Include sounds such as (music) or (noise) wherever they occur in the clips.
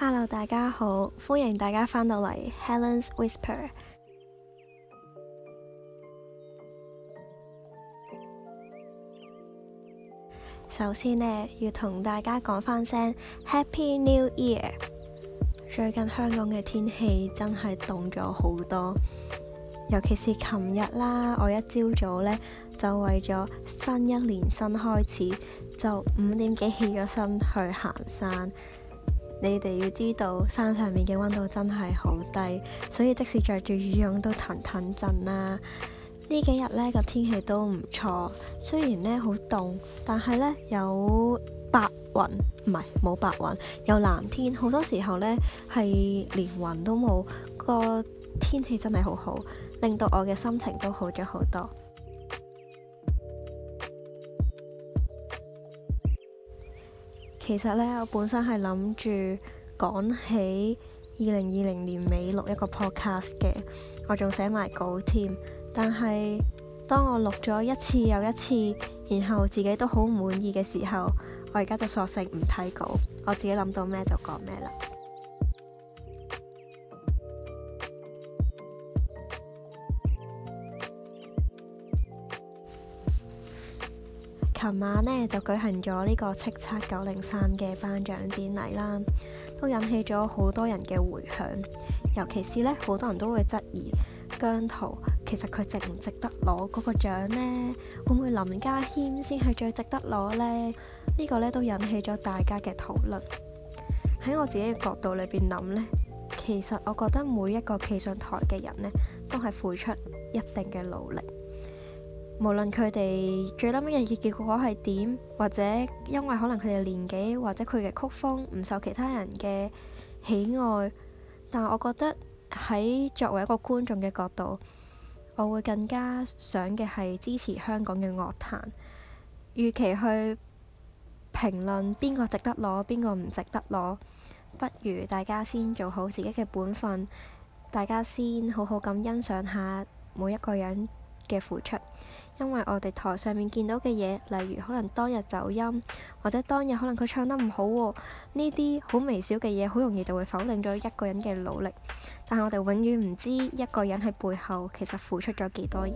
Hello，大家好，歡迎大家翻到嚟 Helen's Whisper。Helen Whis 首先呢，要同大家講翻聲 Happy New Year。最近香港嘅天氣真係凍咗好多，尤其是琴日啦，我一朝早呢，就為咗新一年新開始，就五點幾起咗身去行山。你哋要知道，山上面嘅溫度真係好低，所以即使着住羽絨都騰騰震啦。幾呢幾日呢個天氣都唔錯，雖然呢好凍，但係呢有白雲，唔係冇白雲，有藍天，好多時候呢，係連雲都冇，個天氣真係好好，令到我嘅心情都好咗好多。其實咧，我本身係諗住講起二零二零年尾錄一個 podcast 嘅，我仲寫埋稿添。但係當我錄咗一次又一次，然後自己都好唔滿意嘅時候，我而家就索性唔睇稿，我自己諗到咩就講咩啦。琴晚咧就舉行咗呢個叱咤九零三嘅頒獎典禮啦，都引起咗好多人嘅回響。尤其是咧，好多人都會質疑姜濤其實佢值唔值得攞嗰個獎咧？會唔會林家謙先係最值得攞呢？呢個咧都引起咗大家嘅討論。喺我自己嘅角度裏邊諗呢，其實我覺得每一個企上台嘅人呢，都係付出一定嘅努力。無論佢哋最嬲尾嘅結果係點，或者因為可能佢哋年紀，或者佢嘅曲風唔受其他人嘅喜愛，但我覺得喺作為一個觀眾嘅角度，我會更加想嘅係支持香港嘅樂壇，與其去評論邊個值得攞，邊個唔值得攞，不如大家先做好自己嘅本分，大家先好好咁欣賞下每一個人嘅付出，因為我哋台上面見到嘅嘢，例如可能當日走音，或者當日可能佢唱得唔好喎、哦，呢啲好微小嘅嘢，好容易就會否定咗一個人嘅努力。但係我哋永遠唔知一個人喺背後其實付出咗幾多嘢。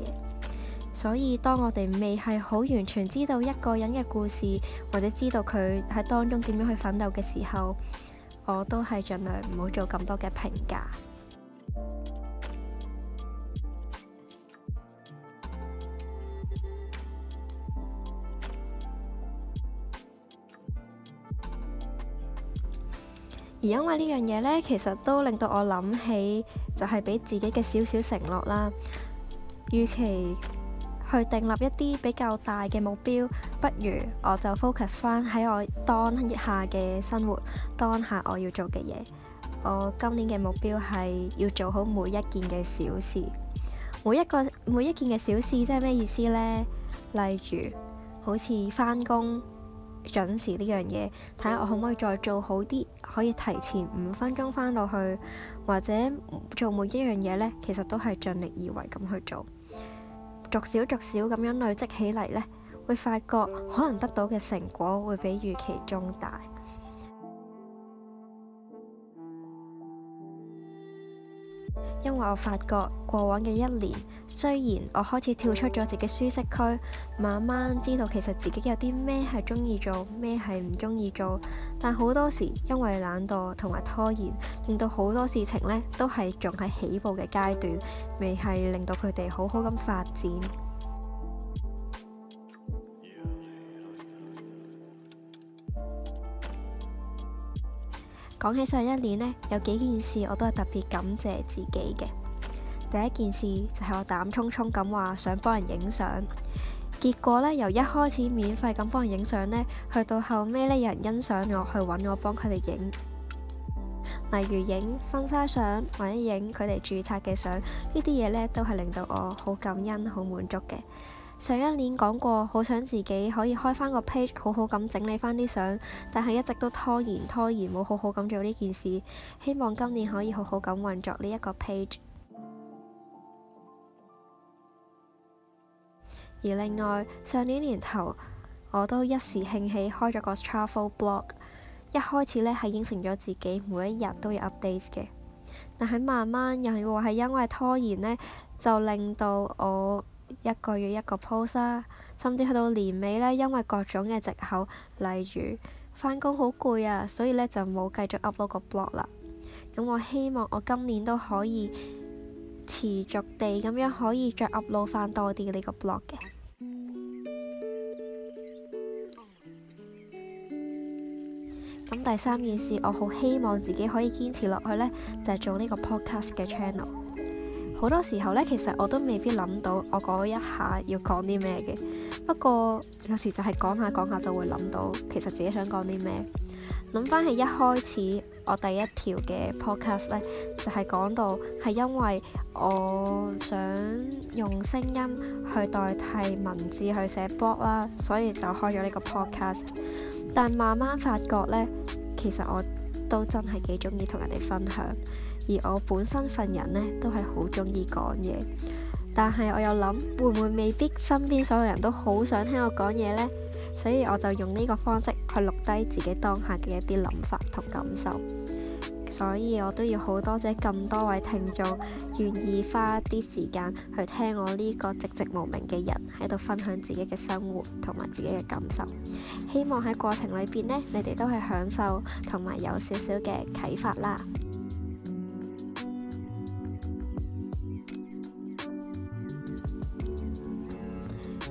所以當我哋未係好完全知道一個人嘅故事，或者知道佢喺當中點樣去奮鬥嘅時候，我都係盡量唔好做咁多嘅評價。而因為呢樣嘢呢，其實都令到我諗起，就係俾自己嘅少少承諾啦。與其去訂立一啲比較大嘅目標，不如我就 focus 翻喺我當下嘅生活，當下我要做嘅嘢。我今年嘅目標係要做好每一件嘅小事。每一個每一件嘅小事，即係咩意思呢？例如，好似返工。準時呢樣嘢，睇下我可唔可以再做好啲，可以提前五分鐘返到去，或者做每一樣嘢呢，其實都係盡力而為咁去做，逐少逐少咁樣累積起嚟呢，會發覺可能得到嘅成果會比預期中大。因為我發覺過往嘅一年，雖然我開始跳出咗自己舒適區，慢慢知道其實自己有啲咩係中意做，咩係唔中意做，但好多時因為懶惰同埋拖延，令到好多事情呢都係仲喺起步嘅階段，未係令到佢哋好好咁發展。講起上一年呢，有幾件事我都係特別感謝自己嘅。第一件事就係、是、我膽沖冲咁話想幫人影相，結果呢由一開始免費咁幫人影相呢，去到後尾呢有人欣賞我去搵我幫佢哋影，例如影婚紗相，或者影佢哋注冊嘅相，呢啲嘢呢都係令到我好感恩、好滿足嘅。上一年講過，好想自己可以開翻個 page，好好咁整理翻啲相，但係一直都拖延拖延，冇好好咁做呢件事。希望今年可以好好咁運作呢一個 page。而另外，上年年頭我都一時興起開咗個 travel blog，一開始呢係應承咗自己每一日都要 update 嘅，但係慢慢又係話係因為拖延呢，就令到我，一個月一個 post 啦，甚至去到年尾呢，因為各種嘅藉口，例如翻工好攰啊，所以呢就冇繼續 upload 個 blog 啦。咁我希望我今年都可以持續地咁樣可以再 upload 翻多啲呢個 blog 嘅。咁第三件事，我好希望自己可以堅持落去呢，就係做呢個 podcast 嘅 channel。好多時候咧，其實我都未必諗到我講一下要講啲咩嘅。不過有時就係講下講下就會諗到，其實自己想講啲咩。諗翻起一開始我第一條嘅 podcast 咧，就係講到係因為我想用聲音去代替文字去寫 blog 啦，所以就開咗呢個 podcast。但慢慢發覺呢，其實我都真係幾中意同人哋分享。而我本身份人呢，都係好中意講嘢，但係我又諗會唔會未必身邊所有人都好想聽我講嘢呢，所以我就用呢個方式去錄低自己當下嘅一啲諗法同感受。所以我都要好多謝咁多位聽眾願意花啲時間去聽我呢個寂寂無名嘅人喺度分享自己嘅生活同埋自己嘅感受。希望喺過程裏邊呢，你哋都係享受同埋有少少嘅啟發啦～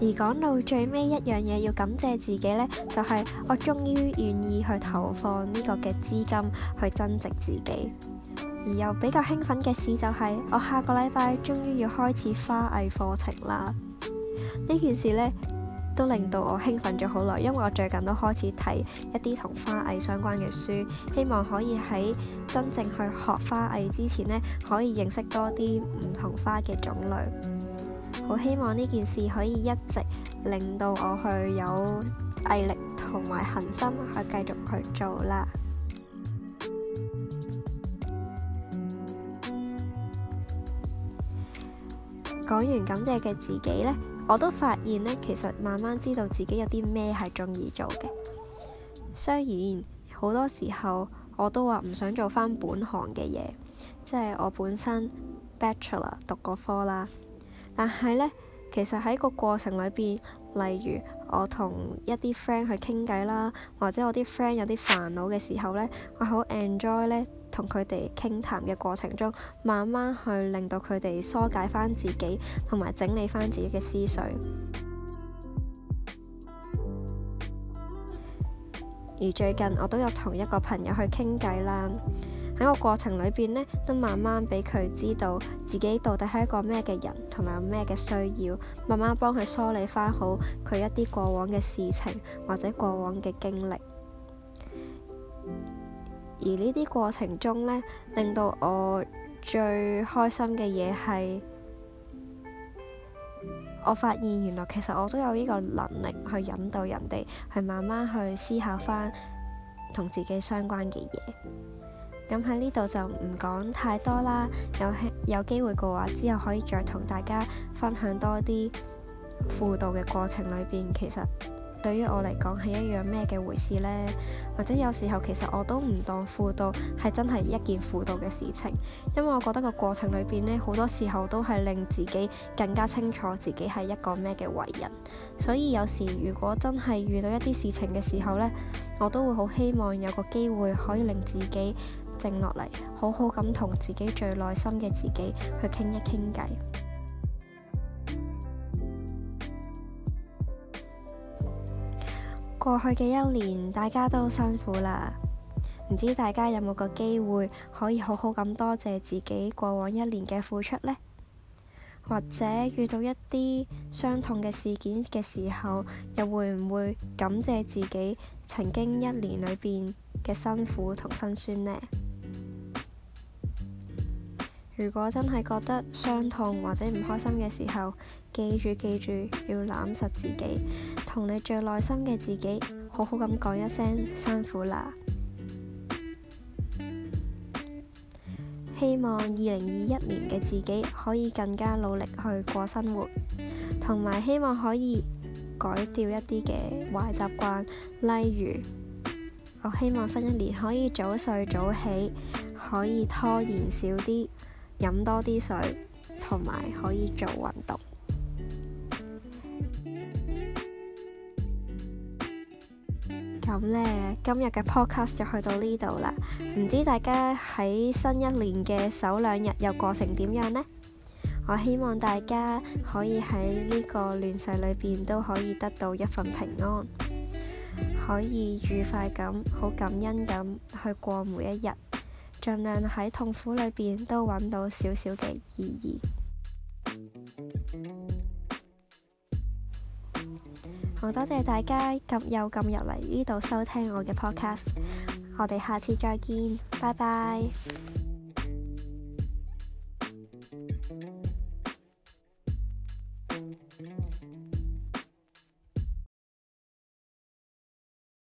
而講到最尾一樣嘢要感謝自己呢，就係我終於願意去投放呢個嘅資金去增值自己。而又比較興奮嘅事就係我下個禮拜終於要開始花藝課程啦！呢件事呢，都令到我興奮咗好耐，因為我最近都開始睇一啲同花藝相關嘅書，希望可以喺真正去學花藝之前呢，可以認識多啲唔同花嘅種類。好希望呢件事可以一直令到我去有毅力同埋恒心去繼續去做啦。講完感謝嘅自己呢，我都發現呢，其實慢慢知道自己有啲咩係鍾意做嘅。雖然好多時候我都話唔想做返本行嘅嘢，即係我本身 bachelor 讀個科啦。但係呢，其實喺個過程裏邊，例如我同一啲 friend 去傾偈啦，或者我啲 friend 有啲煩惱嘅時候呢，我好 enjoy 呢同佢哋傾談嘅過程中，慢慢去令到佢哋疏解返自己，同埋整理返自己嘅思緒。而最近我都有同一個朋友去傾偈啦。喺個過程裏邊呢，都慢慢俾佢知道自己到底係一個咩嘅人，同埋有咩嘅需要，慢慢幫佢梳理翻好佢一啲過往嘅事情，或者過往嘅經歷。而呢啲過程中呢，令到我最開心嘅嘢係，我發現原來其實我都有呢個能力去引導人哋去慢慢去思考翻同自己相關嘅嘢。咁喺呢度就唔講太多啦。有有機會嘅話，之後可以再同大家分享多啲輔導嘅過程裏邊。其實對於我嚟講係一樣咩嘅回事呢？或者有時候其實我都唔當輔導係真係一件輔導嘅事情，因為我覺得個過程裏邊呢，好多時候都係令自己更加清楚自己係一個咩嘅為人。所以有時如果真係遇到一啲事情嘅時候呢，我都會好希望有個機會可以令自己靜落嚟，好好咁同自己最內心嘅自己去傾一傾偈。過去嘅一年，大家都辛苦啦，唔知大家有冇個機會可以好好咁多謝自己過往一年嘅付出呢？或者遇到一啲傷痛嘅事件嘅時候，又會唔會感謝自己曾經一年裏邊嘅辛苦同辛酸呢？如果真係覺得傷痛或者唔開心嘅時候，記住記住要攬實自己，同你最內心嘅自己好好咁講一聲辛苦啦。希望二零二一年嘅自己可以更加努力去過生活，同埋希望可以改掉一啲嘅壞習慣，例如我希望新一年可以早睡早起，可以拖延少啲。飲多啲水，同埋可以做運動。咁呢，今日嘅 podcast 就去到呢度啦。唔知大家喺新一年嘅首兩日又過成點樣呢？我希望大家可以喺呢個亂世裏邊都可以得到一份平安，可以愉快咁、好感恩咁去過每一日。盡量喺痛苦裏邊都揾到少少嘅意義。好多 (noise) 謝大家咁又咁入嚟呢度收聽我嘅 podcast。我哋下次再見，拜拜。